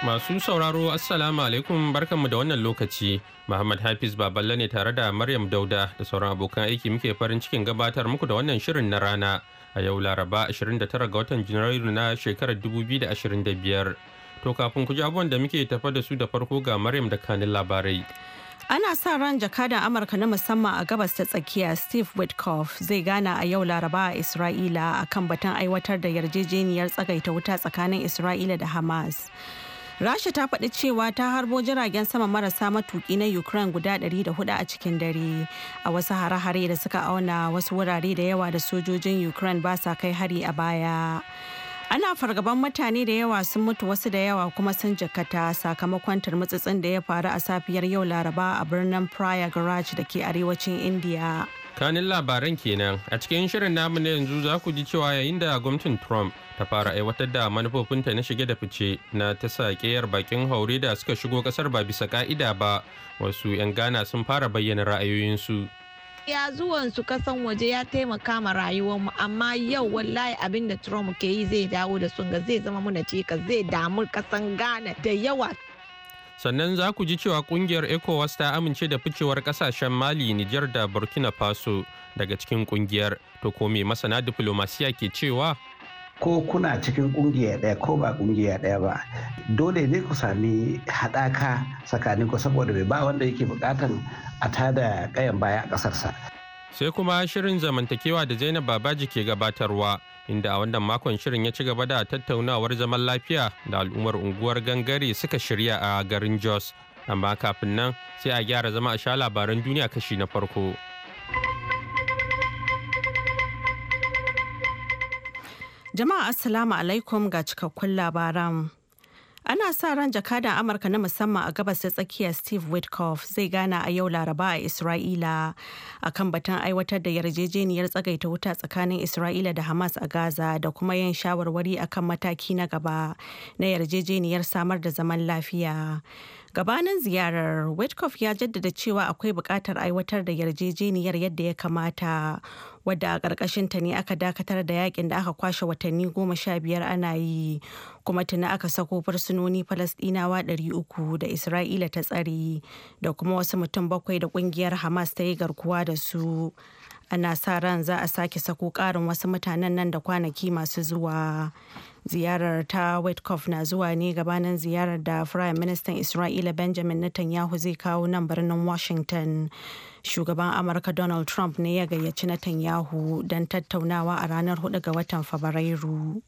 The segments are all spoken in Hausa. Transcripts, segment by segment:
Masu sauraro Assalamu alaikum barkanmu da wannan lokaci. Muhammad Hafiz Baballe ne tare da Maryam Dauda da sauran abokan aiki muke farin cikin gabatar muku da wannan shirin na rana a yau Laraba 29 ga watan Janairu na shekarar 2025. To kafin ku ji abubuwan da muke tafa da su da farko ga Maryam da kanin labarai. Ana sa ran jakadan Amurka na musamman a gabas ta tsakiya Steve Witkoff zai gana a yau Laraba a Isra'ila akan batun aiwatar da yarjejeniyar tsagaita wuta tsakanin Isra'ila da Hamas. Rasha ta faɗi cewa ta harbo jiragen sama marasa matuƙi na Ukraine guda 104 a cikin dare a wasu hare-hare da suka auna wasu wurare da yawa da sojojin Ukraine ba sa kai hari a baya. Ana fargaban mutane da yawa sun mutu wasu da yawa kuma sun jakata sakamakon turmutsutsin da ya faru a safiyar yau Laraba a birnin Praia Garage da ke arewacin India. kanin labaran kenan a cikin shirin namu na yanzu za ku ji cewa yayin da gwamnatin trump ta fara aiwatar da manufofinta na shige da fice na ta saƙeyar bakin haure da suka shigo kasar ba bisa ka'ida ba wasu 'yan gana sun fara bayyana ra'ayoyinsu ya zuwan su kasan waje ya taimaka ma mu amma yau wallahi abin da trump ke yi zai dawo da sun ga zai zama muna cikas zai damu kasan gana da yawa sannan za ku ji cewa kungiyar ecowas ta amince da ficewar kasashen mali nijar da burkina faso daga cikin kungiyar to ko me masana diplomasiya ke cewa ko kuna cikin kungiya ɗaya ko ba kungiya ɗaya ba dole ne ku sami haɗaka tsakanin ku saboda bai ba wanda yake bukatan a tada kayan baya a ƙasarsa sai kuma shirin zamantakewa da zainab babaji ke gabatarwa inda a wannan makon shirin ya ci gaba da tattaunawar zaman lafiya da al'ummar unguwar gangare suka shirya a garin jos amma kafin nan sai a gyara zama a sha labaran duniya kashi na farko jama'a assalamu alaikum ga cikakkun labaran Ana sa ran jakadan Amurka na musamman a gabas ta tsakiya Steve Witkoff zai gana a yau Laraba a Isra'ila akan batun aiwatar da yarjejeniyar tsagaita wuta tsakanin Isra'ila da Hamas a Gaza da kuma yin shawarwari akan mataki na gaba na yarjejeniyar samar da zaman lafiya. gabanin ziyarar witkoff ya jaddada cewa akwai buƙatar aiwatar da yarjejeniyar yadda ya kamata wadda a ƙarƙashin ta ne aka dakatar da yakin da aka kwashe watanni goma sha biyar ana yi kuma tuna aka sako fursunoni falasɗinawa ɗari uku da isra'ila ta tsari da kuma wasu mutum bakwai da ƙungiyar hamas ta yi garkuwa da su ana sa ran za a sake sako ƙarin wasu mutanen nan da kwanaki masu zuwa ziyarar ta Whitecoff na zuwa ne gabanin ziyarar da prime minister isra'ila benjamin netanyahu zai kawo nan birnin washington shugaban amurka donald trump ne ya gayyaci netanyahu don tattaunawa a ranar 4 ga watan fabrairu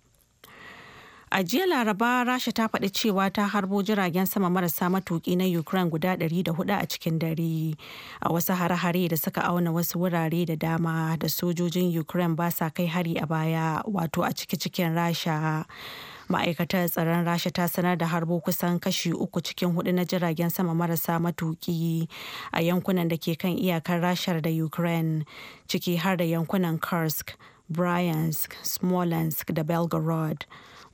A jiya Laraba, Rasha ta faɗi cewa ta harbo jiragen sama marasa matuƙi na Ukraine guda 104 a cikin dare. A wasu hare-hare da suka auna wasu wurare da dama da sojojin Ukraine ba sa kai hari a baya, wato a ciki-cikin Rasha. ma'aikatar tsaron rasha ta sanar da harbo kusan kashi uku cikin hudu na jiragen sama marasa matuki a yankunan da ke kan iyakar rashar da ukraine ciki har da yankunan kursk bryansk smolensk da belgorod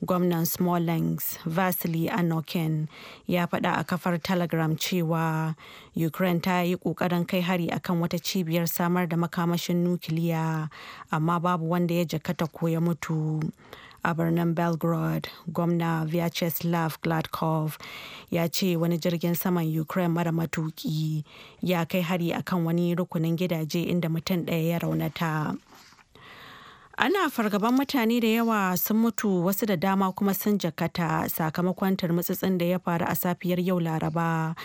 gwamnan smallings vasily anokin ya faɗa a kafar telegram cewa ukraine ta yi ƙoƙarin kai hari akan wata cibiyar samar da makamashin nukiliya amma babu wanda ya jakata ko ya mutu a birnin belgrade gwamna vyacheslav gladkov ya ce wani jirgin saman ukraine mara matuki ya kai hari akan wani rukunin gidaje inda mutum ɗaya ya raunata ana fargaban mutane da yawa sun mutu wasu da dama kuma sun jakata sakamakon turmutsutsun da ya faru a safiyar yau laraba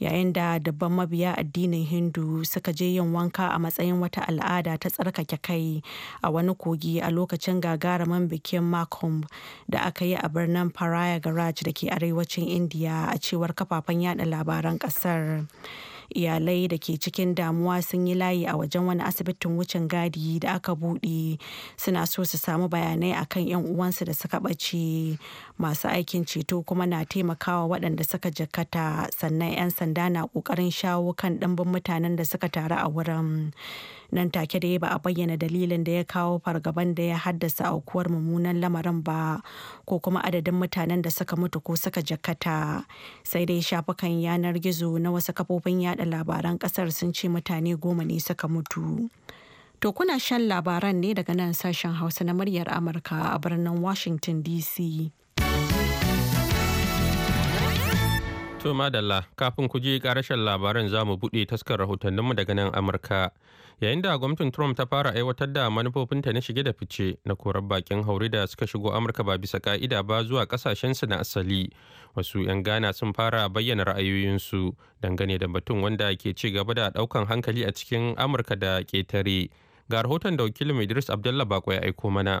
yayin da dabban mabiya addinin hindu suka je yin wanka a matsayin wata al'ada ta tsarkake kai a wani kogi a lokacin gagarumin bikin makon da aka yi a birnin Paraya garage da ke arewacin indiya a cewar kafafen yada labaran kasar. iyalai da ke cikin damuwa sun yi layi a wajen wani asibitin wucin gadi da aka buɗe suna so su samu bayanai akan 'yan uwansu da suka ɓace masu aikin ceto kuma na taimakawa waɗanda suka jikkata sannan 'yan sanda na ƙoƙarin shawo kan ɗimbin mutanen da suka taru a wurin nan take dai ba a bayyana dalilin da ya kawo fargaban da ya haddasa aukuwar mummunan lamarin ba ko kuma adadin mutanen da suka mutu ko suka jakata sai dai shafukan yanar gizo na wasu kafofin yada labaran kasar sun ce mutane goma ne suka mutu to kuna shan labaran ne daga nan sashen hausa na muryar amurka a birnin washington dc To madalla kafin ku je karashen labaran za mu buɗe taskar rahotanninmu daga nan Amurka. yayin da gwamnatin trump ta fara aiwatar da manufofinta na shige da fice na korar bakin haure da suka shigo amurka ba bisa ka'ida ba zuwa kasashensu na asali wasu 'yan ghana sun fara bayyana ra'ayoyinsu dangane da batun wanda ke ci gaba da daukan hankali a cikin amurka da ketare ga rahoton da wakilin idris abdullah bako ya aiko mana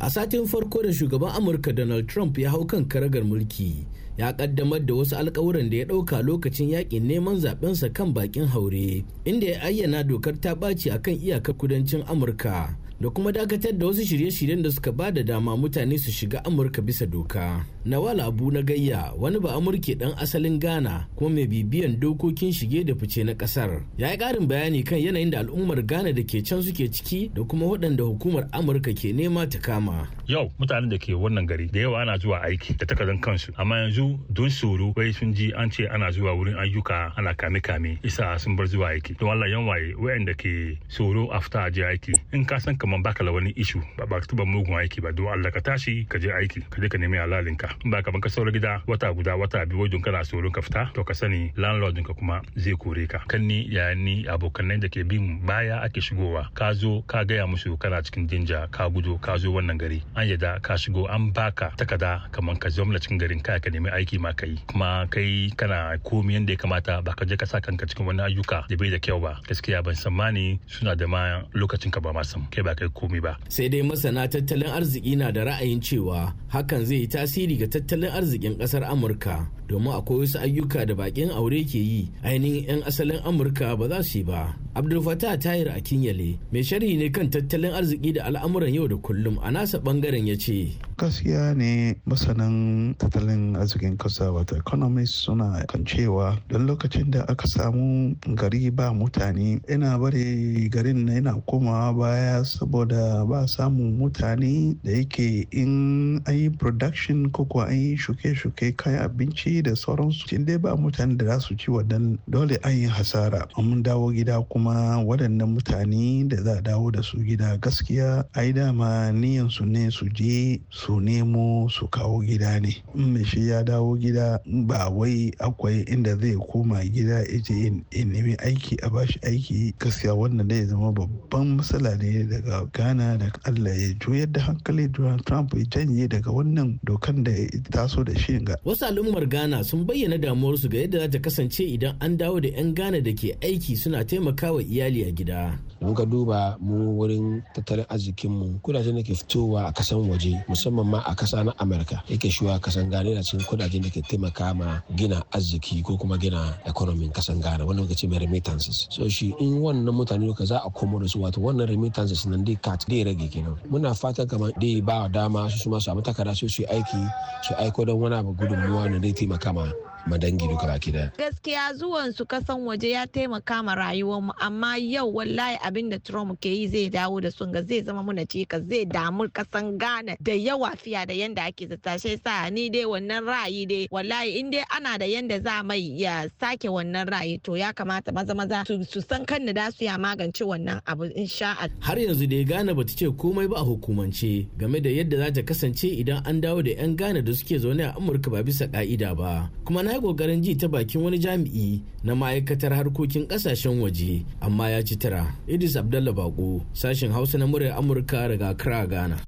a satin farko da shugaban amurka donald trump ya hau kan karagar mulki ya kaddamar da wasu alkawuran da ya ɗauka lokacin yakin neman zaɓensa kan bakin haure inda ya ayyana dokar ta ɓaci akan iyakar kudancin amurka da kuma dakatar da wasu shirye-shiryen da suka ba da dama mutane su shiga amurka bisa doka nawal abu na gayya wani ba amurke dan asalin ghana kuma mai bibiyan dokokin shige da fice na kasar ya yi karin bayani kan yanayin da al'ummar ghana da ke can suke ciki da kuma waɗanda hukumar amurka ke nema ta kama yau mutanen da ke wannan gari da yawa ana zuwa aiki da takardar kansu amma yanzu don tsoro wai sun ji an ce ana zuwa wurin ayyuka ana kame kame isa sun bar zuwa aiki don allah yan waye wayanda ke tsoro after aji aiki in ka san kamar man baka la wani ishu ba ba tuba mugun aiki ba don Allah ka tashi ka je aiki ka je ka nemi halalin ka in ba ka banka saura gida wata guda wata biyu wajen kana tsoron ka fita to ka sani landlord ka kuma zai kore ka kan ni ya ni abokanai da ke bin baya ake shigowa ka zo ka gaya musu kana cikin jinja ka gudu ka zo wannan gari an yadda ka shigo an baka takada kamar ka zama cikin garin ka ka nemi aiki ma kayi kuma kai kana komi yanda ya kamata ba ka je ka sa kanka cikin wani ayyuka da bai da kyau ba gaskiya ban tsammani suna da ma lokacin ka ba ma sam kai ba kai komi ba sai dai masana tattalin arziki na da ra'ayin cewa hakan zai yi tasiri ga tattalin arzikin kasar amurka domin akwai wasu ayyuka da bakin aure ke yi ainihin 'yan asalin amurka ba za su yi ba abdulfatah tahir a kinyale mai sharhi ne kan tattalin arziki da al'amuran yau da kullum a nasa bangaren ya ce gaskiya ne masanan tattalin arzikin kasa wata economist suna kan cewa don lokacin da aka samu gari ba mutane ina bari garin na yana komawa baya saboda ba samun mutane da yake in an yi production ko kuwa an yi shuke-shuke kayan abinci da sauransu in dai ba mutane da za su ci waɗannan dole an yi hasara mun dawo gida kuma waɗannan mutane da za a dawo da su gida gaskiya ai dama niyan su ne su je su nemo su kawo gida ne in shi ya dawo gida ba wai akwai inda zai koma gida ya je in nemi aiki a bashi aiki gaskiya wannan ne zama babban matsala ne daga ghana da allah ya juyar da hankali donald trump ya janye daga wannan dokan da ya taso da shi ga wasu al'ummar ghana ghana sun bayyana damuwarsu ga yadda za ta kasance idan an dawo da 'yan ghana da ke aiki suna taimakawa iyali a gida ka duba mu wurin tattalin arzikinmu kudajen da ke fitowa a kasan waje musamman ma a kasa na amurka yake shuwa kasan ghana yana cikin kudajen da ke taimaka ma gina arziki ko kuma gina economy kasan ghana wanda muka ce mai remittances so shi in wannan mutane ka za a komo da su wato wannan remittances nan dai kat dai rage kenan muna fata kamar dai ba dama su su ma su takarda su su aiki su aiko don wani abu gudunmuwa na dai on. madangi duka baki daya gaskiya zuwan su kasan waje ya taimaka ma rayuwar mu amma yau wallahi abin da Trump ke yi zai dawo da sun ga zai zama muna cika zai damu kasan Ghana da yawa fiya da yanda ake zata shi sa ni dai wannan ra'ayi dai wallahi in dai ana da yanda za mai ya sake wannan ra'ayi to ya kamata maza maza su san kan da da su ya magance wannan abu insha Allah har yanzu dai Ghana bata ce komai ba a hukumance game da yadda za ta kasance idan an dawo da 'yan Ghana da suke zaune a Amurka ba bisa ka'ida ba kuma na ya kokarin ji ta bakin wani jami'i na ma'aikatar harkokin kasashen waje amma ya ci tara idris abdalla bako sashen hausa na muryar amurka daga kra ghana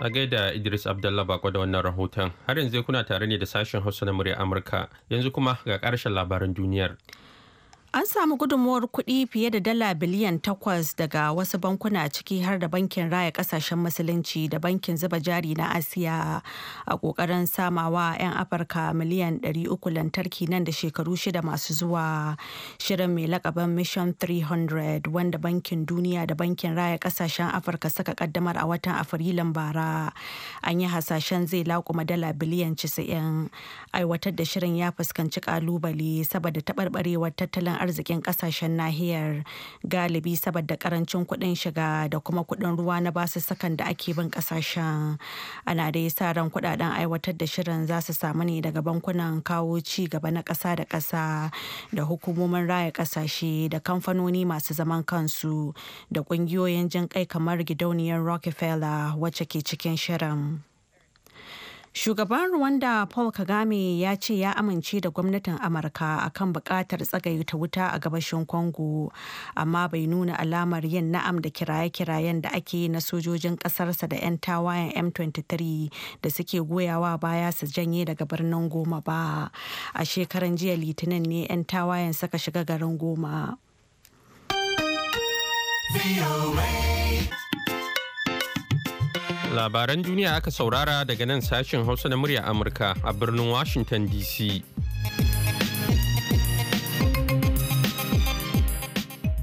a gaida idris abdullah bako da wannan rahoton har yanzu kuna tare ne da sashen hausa na muryar amurka yanzu kuma ga karshen labaran duniyar An samu gudunmuwar kuɗi fiye da dala biliyan takwas daga wasu bankuna ciki har da bankin raya ƙasashen musulunci da bankin zuba jari na Asiya a ƙoƙarin samawa 'yan Afirka miliyan 300 lantarki nan da shekaru shida masu zuwa shirin mai lakaban Mission 300 wanda bankin duniya da bankin raya ƙasashen Afirka suka kaddamar a watan Afrilun bara. An yi hasashen zai laƙuma dala biliyan 90. Aiwatar da shirin ya fuskanci ƙalubale saboda taɓarɓarewar tattalin arzikin kasashen nahiyar galibi saboda karancin kuɗin shiga da kuma kuɗin ruwa na basu sakan da ake bin kasashen ana dai sa ran kuɗaɗen aiwatar da shirin za su samu ne daga bankunan kawo ci gaba na ƙasa da ƙasa da hukumomin raya ƙasashe da kamfanoni masu zaman kansu da ƙungiyoyin jin kai kamar gidauniyar rockefeller wacce ke cikin shirin. Shugaban Rwanda Paul Kagame ya ce ya amince da gwamnatin Amurka akan bukatar tsagaita wuta a gabashin Congo, amma bai nuna alamar yin na'am da kiraye-kirayen da ake na sojojin ƙasarsa da 'yan tawayen M23 da suke goyawa baya su janye daga birnin Goma ba. A shekaran jiya Litinin ne 'yan tawayen suka shiga garin Goma. Labaran duniya aka saurara daga nan sashen Hausa na murya Amurka a birnin Washington DC.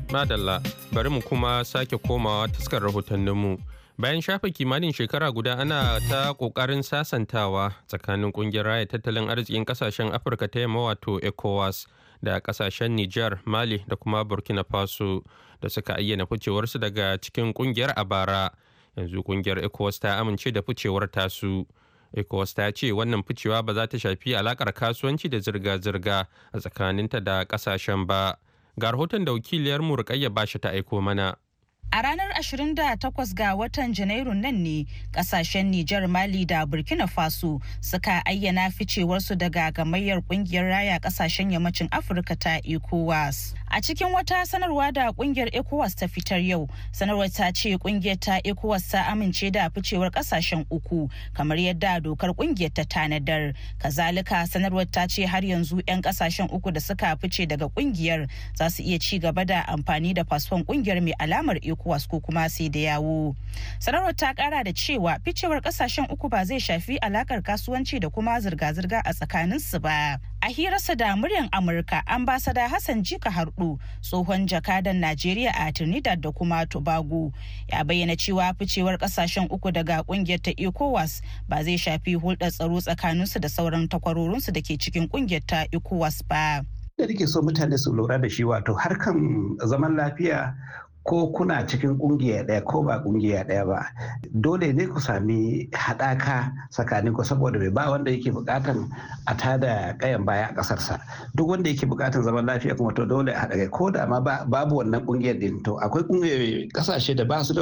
Madalla, bari mu kuma sake komawa taskar rahotanninmu. Bayan shafa kimanin shekara guda ana ta kokarin sasantawa tsakanin kungiyar raya tattalin arzikin kasashen Afirka ta yamma wato ECOWAS da kasashen Nijar, Mali da kuma Burkina Faso da suka ayyana ficewarsu daga cikin kungiyar a bara. yanzu kungiyar ecowas ta amince da ficewar tasu ecowas ta ce wannan ficewa ba za ta shafi alakar kasuwanci da zirga-zirga a tsakaninta da kasashen ba ga rahoton da wakiliyar mu ba bashi ta aiko mana A ranar 28 ga watan Janairun nan ne kasashen Nijar Mali da Burkina Faso suka ayyana ficewarsu daga gamayyar kungiyar raya kasashen yammacin Afirka ta ECOWAS. A cikin wata sanarwa da kungiyar ECOWAS ta fitar yau, sanarwar ta ce kungiyar ta ECOWAS ta amince da ficewar kasashen uku kamar yadda dokar kungiyar ta tanadar. Kazalika sanarwar ta ce har yanzu 'yan kasashen uku da suka fice daga kungiyar za su iya ci gaba da amfani da fasfon kungiyar mai alamar ECOWAS ko kuma sai da yawo. Sanarwar ta kara da cewa ficewar kasashen uku ba zai shafi alakar kasuwanci da kuma zirga-zirga a tsakaninsu ba. A hirarsa da muryar Amurka, ambasada Hassan Jika Hardu, tsohon jakadan Najeriya a Trinidad da kuma Tobago, ya bayyana cewa ficewar ƙasashen uku daga ƙungiyar ta ECOWAS ba zai shafi hulɗar tsaro tsakaninsu da sauran takwarorinsu da ke cikin kungiyar ta ECOWAS ba. da nake so mutane su lura da shi wato harkan zaman lafiya ko kuna cikin kungiya ɗaya ko ba kungiya ɗaya ba dole ne ku sami haɗaka tsakanin ku saboda bai ba wanda yake buƙatan a tada ƙayan baya a ƙasarsa duk wanda yake buƙatan zaman lafiya kuma to dole a haɗa ko da ma babu wannan kungiyar din to akwai kungiyoyi ƙasashe da ba su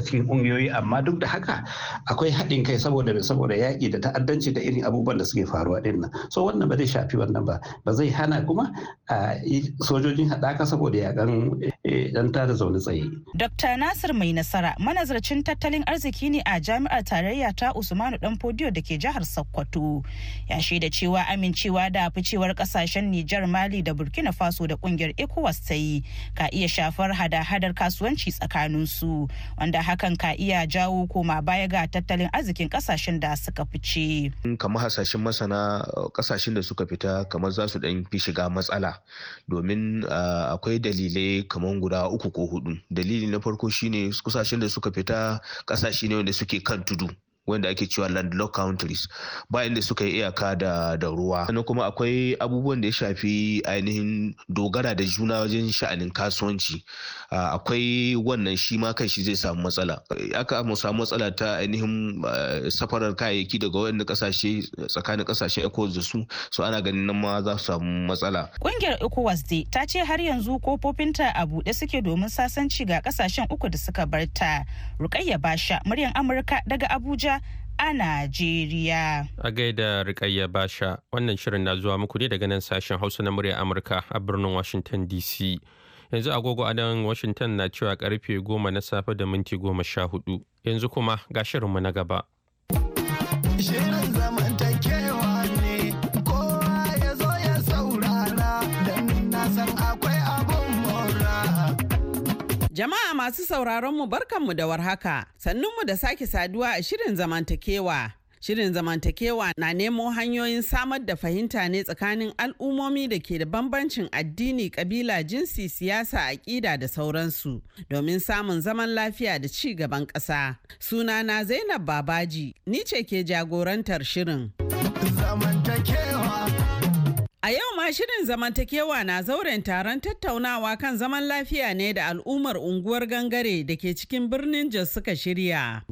cikin kungiyoyi amma duk da haka akwai haɗin kai saboda saboda yaƙi da ta'addanci da irin abubuwan da suke faruwa ɗin nan so wannan ba zai shafi wannan ba ba zai hana kuma sojojin haɗaka saboda yaƙan Eh, dan tada zaune tsaye. Dr. Nasir mai nasara manazarcin tattalin arziki ne a jami'ar tarayya ta Usmanu Dan Fodiyo da ke jihar Sokoto. Ya shaida cewa amincewa da ficewar kasashen Nijar Mali da Burkina Faso da kungiyar ECOWAS ta yi ka iya shafar hada-hadar kasuwanci tsakanin su wanda hakan ka iya jawo koma baya ga tattalin arzikin kasashen da suka fice. Kamar hasashen masana uh, kasashen da suka fita kamar za su dan fi shiga matsala domin uh, akwai dalilai kamar guda uku ko hudu dalili na farko shine kusashen da suka fita kasashe ne wanda suke kan tudu wanda ake cewa landlocked countries ba inda suka yi iyaka da da ruwa sannan kuma akwai abubuwan da ya shafi ainihin dogara da juna wajen sha'anin kasuwanci akwai wannan shi ma kan shi zai samu matsala aka mu samu matsala ta ainihin safarar kayayyaki daga wani kasashe tsakanin kasashen ecowas da su so ana ganin nan ma za su samu matsala kungiyar ecowas dai ta ce har yanzu kofofinta a buɗe suke domin sasanci ga kasashen uku da suka bar ta rukayya basha muryan amurka daga abuja a Najeriya. A gaida Rikayya Basha, wannan shirin na zuwa muku ne daga nan sashen Hausa na murya Amurka a birnin Washington DC. Yanzu agogo a nan Washington na cewa karfe goma na safe da minti goma sha hudu. Yanzu kuma ga shirinmu na gaba. masu sauraronmu barkanmu da warhaka, sannunmu da sake saduwa a shirin zamantakewa. Shirin zamantakewa na nemo hanyoyin samar da fahimta ne tsakanin al'ummomi da ke da bambancin addini, kabila, jinsi, siyasa, aƙida da sauransu domin samun zaman lafiya da ci gaban ƙasa. Sunana Zainab Babaji, ni ce ke jagorantar shirin. Zaman A yau ma shirin zamantakewa na zauren taron tattaunawa kan zaman lafiya ne da al'ummar unguwar gangare da ke cikin birnin Jos suka shirya.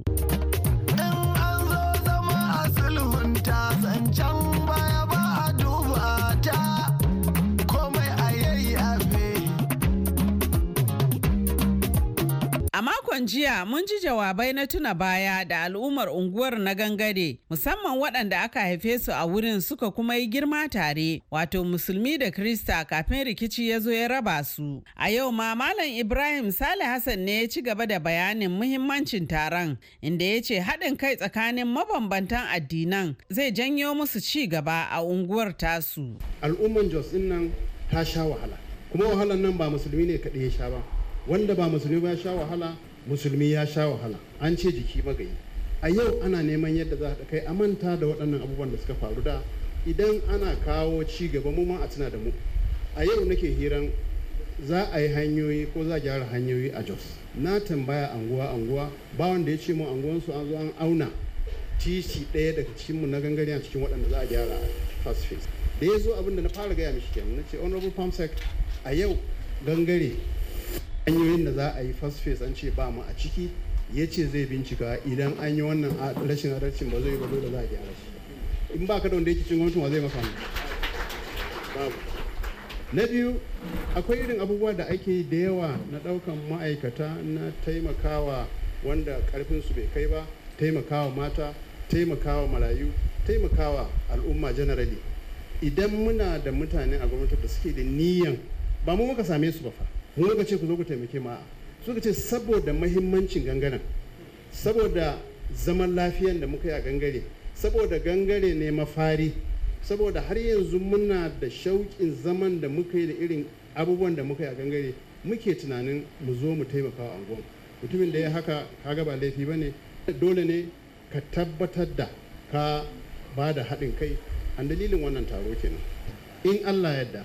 A makon jiya mun ji jawabai na tuna baya da al'ummar unguwar na gangare musamman waɗanda aka haife su a wurin suka kuma yi girma tare wato musulmi da krista kafin rikici ya zo ya raba su. A yau ma Malam Ibrahim Sale Hassan ne ya ci gaba da bayanin muhimmancin taron inda ya ce haɗin kai tsakanin mabambantan addinan zai janyo musu ci gaba a unguwar tasu. Al'ummar Jos nan ta sha wahala kuma wahalar nan ba musulmi ne kaɗai ya sha ba. wanda ba musulmi ba ya sha wahala musulmi ya sha wahala an ce jiki magayi a yau ana neman yadda za a kai a manta da waɗannan abubuwan da suka faru da idan ana kawo ci gaba mu ma a tuna da mu a yau nake hiran za a yi hanyoyi ko za a gyara hanyoyi a jos na tambaya anguwa anguwa ba wanda ya ce mu su an zo an auna titi ɗaya daga cikin mu na gangare a cikin waɗanda za a gyara first phase da ya zo abin da na fara gaya mishi kenan na ce honorable sec a yau gangare hanyoyin da za a yi first phase an ce ba mu a ciki ya ce zai bincika idan an yi wannan rashin adalcin ba zai ba dole za a gyara shi in ba ka da wanda yake cin gwamnatin wa zai maka babu na biyu akwai irin abubuwa da ake da yawa na daukan ma'aikata na taimakawa wanda karfin su bai kai ba taimakawa mata taimakawa marayu taimakawa al'umma generally idan muna da mutane a gwamnati da suke da niyan ba mu muka same su ba fa mu muka ce ku zo ku taimake su suka ce saboda mahimmancin gangaren saboda zaman lafiyan da muka yi a gangare saboda gangare ne mafari saboda har yanzu muna da shauƙin zaman da muka yi da irin abubuwan da muka yi a gangare muke tunanin mu zo mu taimaka wa angon mutumin da ya haka kaga ba laifi ba ne dole ne ka tabbatar da ka ba da haɗin kai an dalilin wannan taro kenan in allah yadda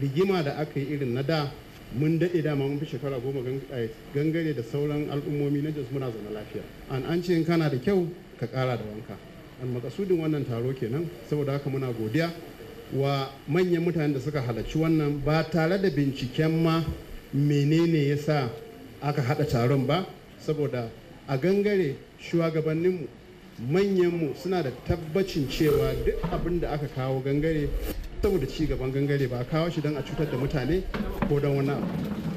rigima da aka yi irin na da mun daɗe dama mun fi shekara goma eh, gangare da sauran al'ummomi na jos muna zama lafiya an an ce in kana da kyau ka ƙara da wanka an makasudin wannan taro kenan saboda haka muna godiya wa manyan mutanen da suka halarci wannan ba tare da binciken ma menene ya sa aka haɗa taron ba saboda a gangare shugabanninmu manyanmu suna da tabbacin cewa duk abin da aka kawo gangare saboda ci gaban gangare ba a kawo shi don a cutar da mutane ko don wani abu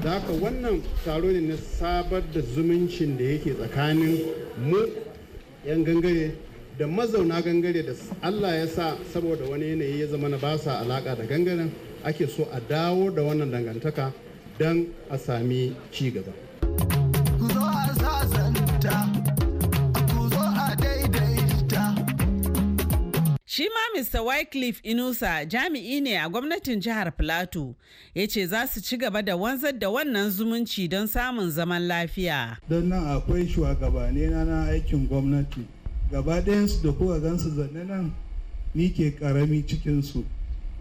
da haka wannan taro ne na sabar da zumuncin da yake tsakanin mu 'yan gangare da mazauna gangare da allah ya sa saboda wani yanayi ya zama na ba sa alaka da gangaren ake so a dawo da wannan dangantaka don a sami ci gaba. Mr. Wycliffe Inusa jami'i ne a gwamnatin jihar Plateau ya ce za su ci gaba da wanzar da wannan zumunci don samun zaman lafiya. Don nan akwai shugabanni na na aikin gwamnati. Gaba su da kuka gansu zanne nan ni ke karami cikinsu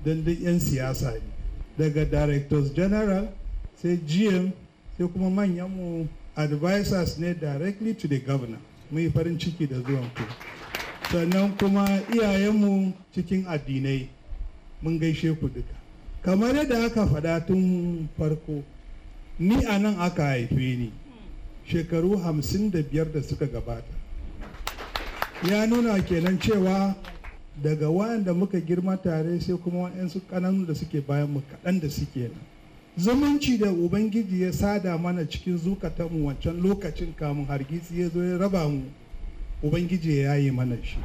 don duk 'yan siyasa ne. Daga Directors General sai GM sai kuma manyanmu advisors ne directly to the governor. Mun farin ciki da zuwan ku. sannan kuma iyayenmu cikin addinai mun gaishe ku duka kamar yadda aka faɗa tun farko ni a nan aka haife ni shekaru hamsin da biyar da suka gabata ya nuna kenan cewa daga wayanda muka girma tare sai kuma waɗansu ƙananu da suke bayan mu kaɗan da suke nan zumunci da ubangiji ya sada mana cikin zukatanmu wancan lokacin kamun hargitsi ya zo ya raba mu ubangiji ya yi mana shi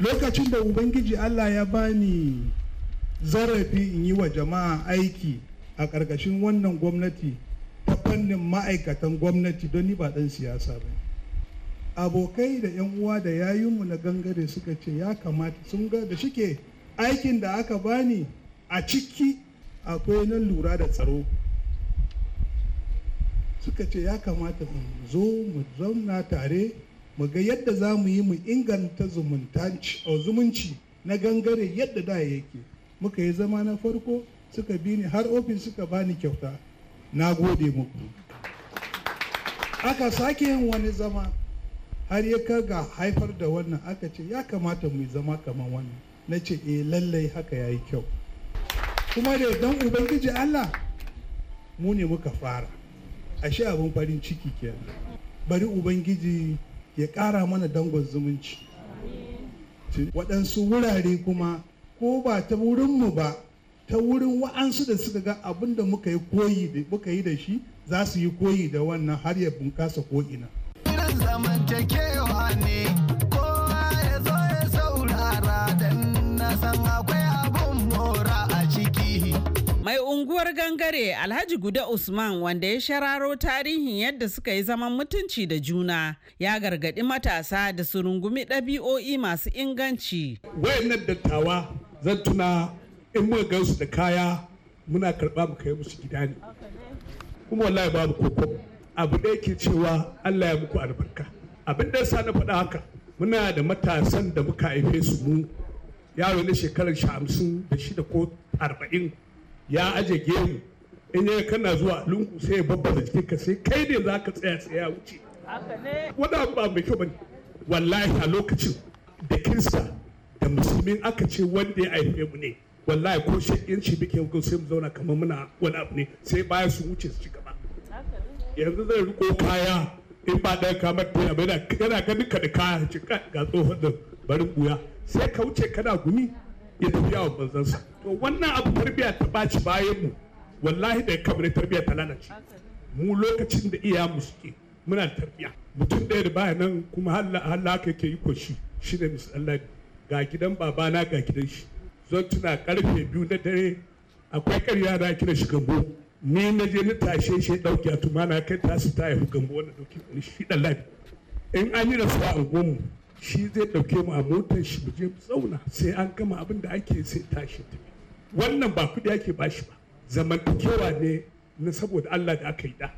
lokacin da ubangiji allah ya bani zarafi in yi wa jama'a aiki a ƙarƙashin wannan gwamnati ta fannin ma'aikatan gwamnati don ni ba ɗan siyasa ba abokai da 'yan uwa da yayinmu na gangare suka ce ya kamata sun ga da shike aikin da aka bani a ciki akwai nan lura da tsaro suka ce ya kamata mu zo mu zauna tare mu ga yadda za mu yi mu inganta zumunci na gangare yadda da yake muka yi zama na farko suka bi ni har ofis suka bani kyauta na gode muku aka sake yin wani zama har ya kaga haifar da wannan aka ce ya kamata mu zama kamar wannan na ce eh lallai haka ya yi kyau kuma da dan ubangiji allah mu ne muka fara ashe abin farin ciki kenan bari ubangiji ya ƙara mana dangon zumunci waɗansu wurare kuma ko ba ta wurinmu ba ta wurin wa'ansu da suka ga abin da muka yi koyi da muka yi da shi za su yi koyi da wannan har ya bunkasa ko'ina. Irin Mai unguwar gangare Alhaji Guda Usman wanda ya shararo tarihin yadda suka yi zaman mutunci da juna ya gargadi matasa da su rungumi ɗabi'o'i masu inganci. Wayannan dattawa zan tuna in muka gansu da kaya muna karɓa mu kai musu gida ne. Kuma wallahi babu koko abu da yake cewa Allah ya muku albarka. Abin da sa na faɗa haka muna da matasan da muka haife su mu yaro na shekarar shamsin da shida ko arba'in ya aje gemu in ya kana zuwa lungu sai babba babbaza cikin sai kai ne za ka tsaya tsaya ya wuce wani abu ba mai kyau bane wallahi a lokacin da kirista da musulmin aka ce wanda ya haife mu ne wallahi ko in shi muke ko sai mu zauna kamar muna wani abu ne sai baya su wuce su ci gaba yanzu zai riko kaya in ba ɗaya kamar ta yana ganin ka da kaya ga tsohon da barin buya sai ka wuce kana gumi ya tafi yawon banzansa to wannan abu tarbiyya ta baci bayan mu wallahi da kamar tarbiyya ta lalace mu lokacin da iya mu suke muna da tarbiyya mutum ɗaya da baya nan kuma halaka yake yi kwashi shi ne misalai ga gidan babana ga gidan shi zan tuna karfe biyu na dare akwai karya na kira shi gambo ni na je na tashe shi ya ɗauki a tumana kai tasu ta haifi gambo wanda ɗauki shi ɗan in an yi da a a mu. shi zai ɗauke mu a motar shi mu je mu zauna sai an gama abin da ake sai tashi tafi wannan ba kuɗi ake bashi ba zamantakewa ne na saboda Allah da aka yi da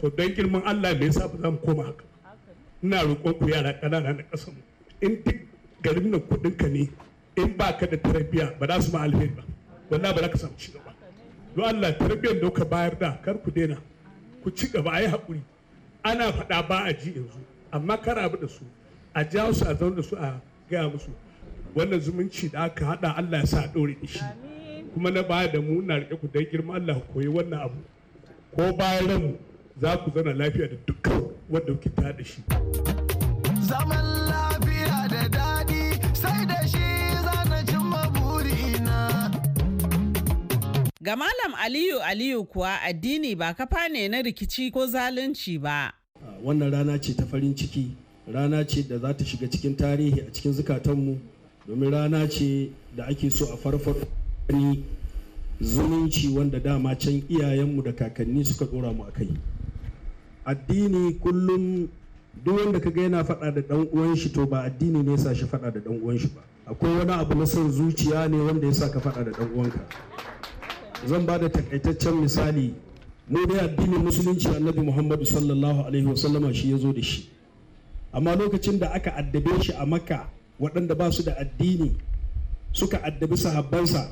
so don girman Allah me sa ba za mu koma haka ina roƙon ku yara ƙanana na ƙasa mu in duk garin nan kuɗin ka ne in ba ka da tarbiyya ba za su ma alheri ba wallahi ba za ka samu ci gaba don Allah tarbiyyar da ka bayar da kar ku daina ku ci gaba a yi haƙuri ana faɗa ba a ji yanzu amma kar abu da su a jawo su a zauna su a gaya musu wannan zumunci da aka hada Allah ya sa dore shi kuma na baya da mu na rike ku dai girma Allah koyi wannan abu ko bayan ranmu za ku zana lafiya da dukkan wanda kuke ta da shi zaman lafiya da dadi, sai da shi zana cimma burina ga malam Aliyu Aliyu kuwa addini ba kafa ne na rikici ko zalunci ba wannan rana ce ta farin ciki rana ce da za ta shiga cikin tarihi a cikin zukatanmu domin rana ce da ake so a farfari zumunci wanda dama can iyayenmu da kakanni suka dora mu a kai addini kullum duk wanda kaga yana faɗa da dan uwan shi to ba addini ne yasa shi faɗa da dan uwan shi ba akwai wani abu na son zuciya ne wanda yasa ka faɗa da ɗan uwanka zan ba da takaitaccen misali mu dai addinin musulunci annabi muhammadu sallallahu alaihi wasallama shi ya zo da shi amma lokacin da aka addabe shi a makka waɗanda ba su da addini suka addabi sahabbansa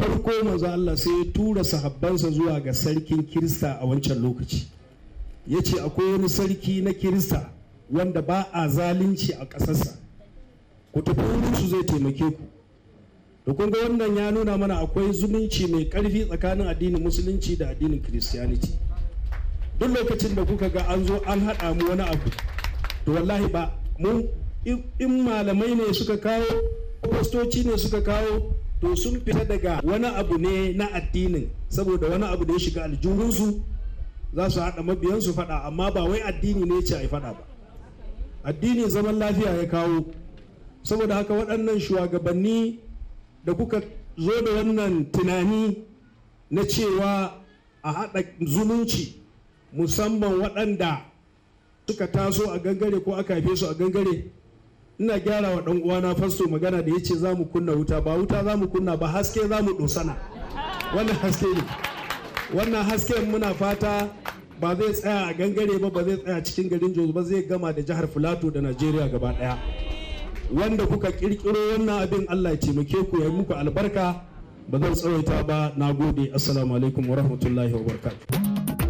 farko manzo Allah sai ya tura sahabbansa zuwa ga sarkin kirista a wancan lokaci ya ce akwai wani sarki na kirista wanda ba a zalunci a ƙasarsa ku tafi su zai taimake ku da kun ga wannan ya nuna mana akwai zumunci mai ƙarfi tsakanin addinin musulunci da addinin kiristiyaniti duk lokacin da kuka ga an zo an haɗa mu wani abu to wallahi ba mu in malamai ne suka kawo fastoci ne suka kawo to sun fita daga wani abu ne na addinin saboda wani abu da ya shiga aljihunsu za su haɗa mabiyansu faɗa amma ba wai addini ne ce a yi faɗa ba addini zaman lafiya ya kawo saboda haka waɗannan shugabanni da kuka zo da wannan tunani na cewa a haɗa zumunci musamman waɗanda suka taso a gangare ko aka haife su a gangare ina gyara wa dan uwana fasto magana da yace za kunna wuta ba wuta za kunna ba haske za dosana wannan haske ne wannan hasken muna fata ba zai tsaya a gangare ba ba zai tsaya cikin garin Jos ba zai gama da jihar Filato da Najeriya gaba daya wanda kuka kirkiro wannan abin Allah ya taimake ku ya muku albarka ba zan tsawaita ba nagode assalamu alaikum wa wabarakatuh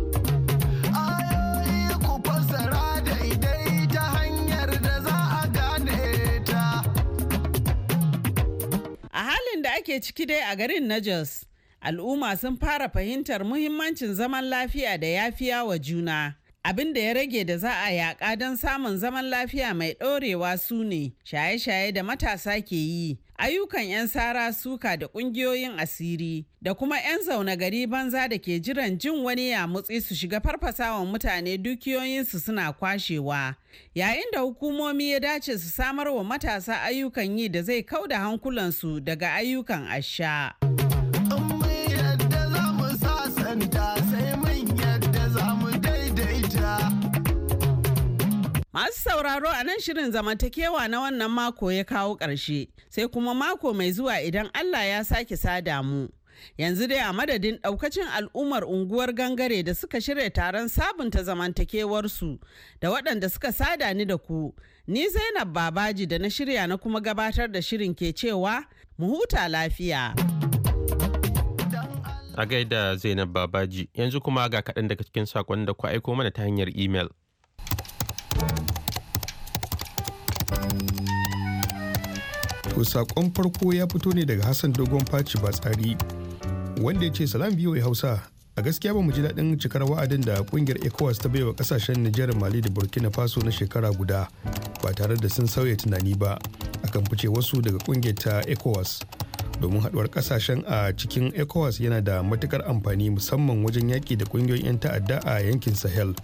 ke ciki dai a garin na Jos, al'umma sun fara fahimtar muhimmancin zaman lafiya da yafiya wa juna. abin da ya rage da za a yaƙa don samun zaman lafiya mai ɗorewa su ne shaye-shaye da matasa ke yi ayyukan 'yan sara suka da ƙungiyoyin asiri da kuma 'yan zaune gari banza da ke jiran jin wani ya mutsi su shiga farfasawa mutane dukiyoyinsu suna kwashewa yayin da hukumomi ya dace su samar wa matasa ayyukan yi da zai kauda hankulansu daga ayyukan asha. Masu sauraro a nan shirin zamantakewa na wannan mako ya kawo ƙarshe, sai kuma mako mai zuwa idan Allah ya sake sada mu. Yanzu dai a madadin ɗaukacin al'ummar unguwar gangare da suka shirya taron sabunta zamantakewarsu da waɗanda suka sada ni da ku, ni Zainab Babaji da na shirya na kuma gabatar da shirin ke cewa mu huta lafiya. A gaida Zainab Babaji, yanzu kuma ga kaɗan daga cikin saƙon da ku aiko mana ta hanyar imel. To sakon farko ya fito ne daga Hassan Dogon Faci tsari wanda ya ce salam ya Hausa a gaskiya ba mu ji daɗin cikar wa'adin da kungiyar ECOWAS ta baiwa kasashen Nijar Mali da Burkina Faso na shekara guda ba tare da sun sauya tunani ba akan fice wasu daga kungiyar ta ECOWAS domin haɗuwar kasashen a cikin ECOWAS yana da matukar amfani musamman wajen yaƙi da ƙungiyoyin 'yan ta'adda a yankin Sahel.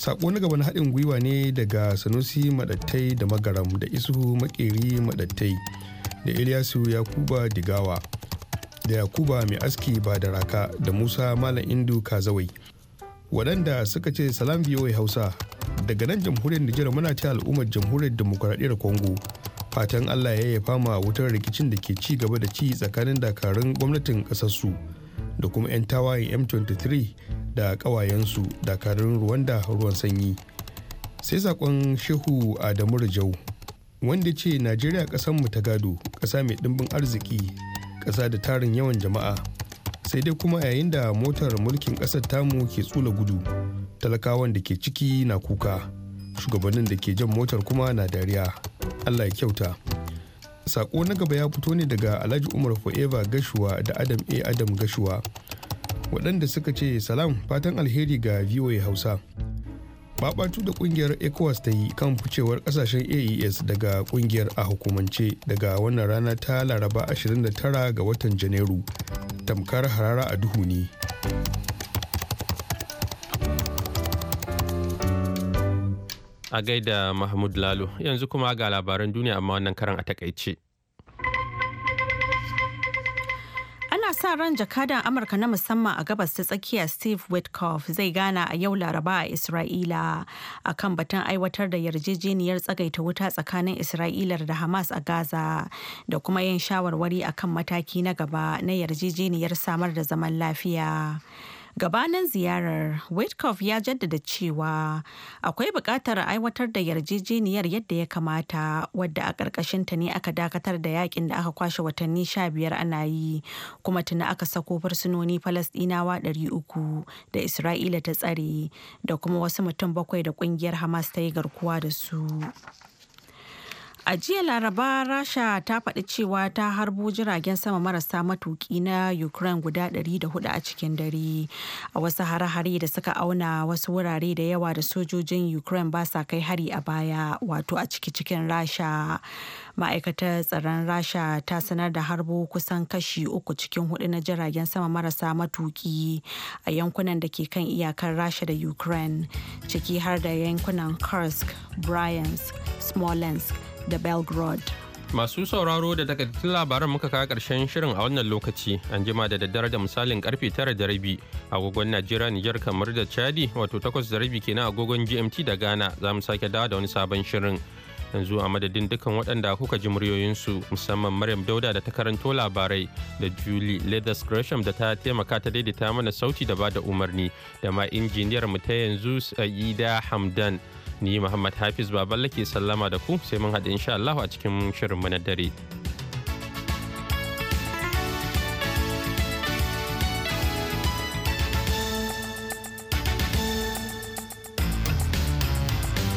sako na gaba na haɗin gwiwa ne daga sanusi madattai da magaram da isuhu makeri madattai da ilyasu yakuba digawa da yakuba mai aski ba da raka da musa malam indu kazawai waɗanda suka ce salam biyoyi hausa daga nan jamhuriyar nijar muna ta al'ummar jamhuriyar demokuraɗiyyar congo fatan allah ya yafa ma wutar rikicin da ke ci gaba da ci tsakanin dakarun gwamnatin ƙasarsu su da kuma 'yan tawayen m23 da kawayensu dakarun rwanda ruwan sanyi sai sakon shehu adamu rajau wanda ce najeriya mu ta gado ƙasa mai ɗimbin arziki ƙasa da tarin yawan jama'a sai dai kuma yayin da motar mulkin ƙasar tamu ke tsula gudu talakawan da ke ciki na kuka shugabannin da ke jan motar kuma na dariya allah ya kyauta sako na gaba ya fito ne daga alhaji umar forever gashuwa da adam a adam gashuwa waɗanda suka ce salam fatan alheri ga voa hausa babatu da kungiyar ecowas ta yi kan ficewar kasashen aes daga kungiyar a hukumance daga wannan rana ta laraba 29 ga watan janairu tamkar harara a duhu ne A gaida Mahmud Lalo yanzu kuma ga labaran duniya amma wannan karan a takaice. Ana sa ran jakadan Amurka na musamman a gabas ta tsakiya Steve Witkoff zai gana a yau Laraba a Isra'ila a kan batun aiwatar da yarjejeniyar tsagaita wuta tsakanin Isra'ila da Hamas a Gaza da kuma yin shawarwari akan mataki na gaba na yarjejeniyar samar da zaman lafiya. gabanin ziyarar witkoff ya jaddada cewa akwai buƙatar aiwatar da yarjejeniyar yadda ya kamata wadda a ƙarƙashinta ne aka dakatar da yakin da aka kwashe watanni sha biyar ana yi kuma tuna aka sako fursunoni falasɗinawa ɗari uku da isra'ila ta tsare da kuma wasu mutum bakwai da ƙungiyar hamas ta yi garkuwa da su A jiya Laraba Rasha ta faɗi cewa ta harbo jiragen sama marasa matuki na Ukraine guda 104 a cikin dare. A wasu hare-hare da suka auna wasu wurare da yawa da sojojin Ukraine ba sa kai hari a baya wato a ciki cikin Rasha. Ma'aikatar tsaron Rasha ta sanar da harbo kusan kashi uku cikin hudu na jiragen sama marasa matuki a yankunan da ke kan iyakar Rasha da Ukraine ciki har da yankunan Kursk, Bryansk, Smolensk da belgrade masu sauraro da takaitattun labaran muka kawo karshen shirin a wannan lokaci an jima da daddare da misalin karfe 9:30 agogon najeriya Niger kamar da chadi wato 8:30 kenan agogon gmt da ghana za mu sake dawa da wani sabon shirin yanzu a madadin dukkan waɗanda kuka ji muryoyinsu musamman maryam dauda da ta karanto labarai da julie leathers gresham da ta taimaka ta daidaita mana sauti da ba da umarni da ma injiniyar mu ta yanzu sa'ida hamdan ni Muhammad Hafiz Baballe ke sallama da ku sai mun haɗu insha Allah a cikin shirin na dare.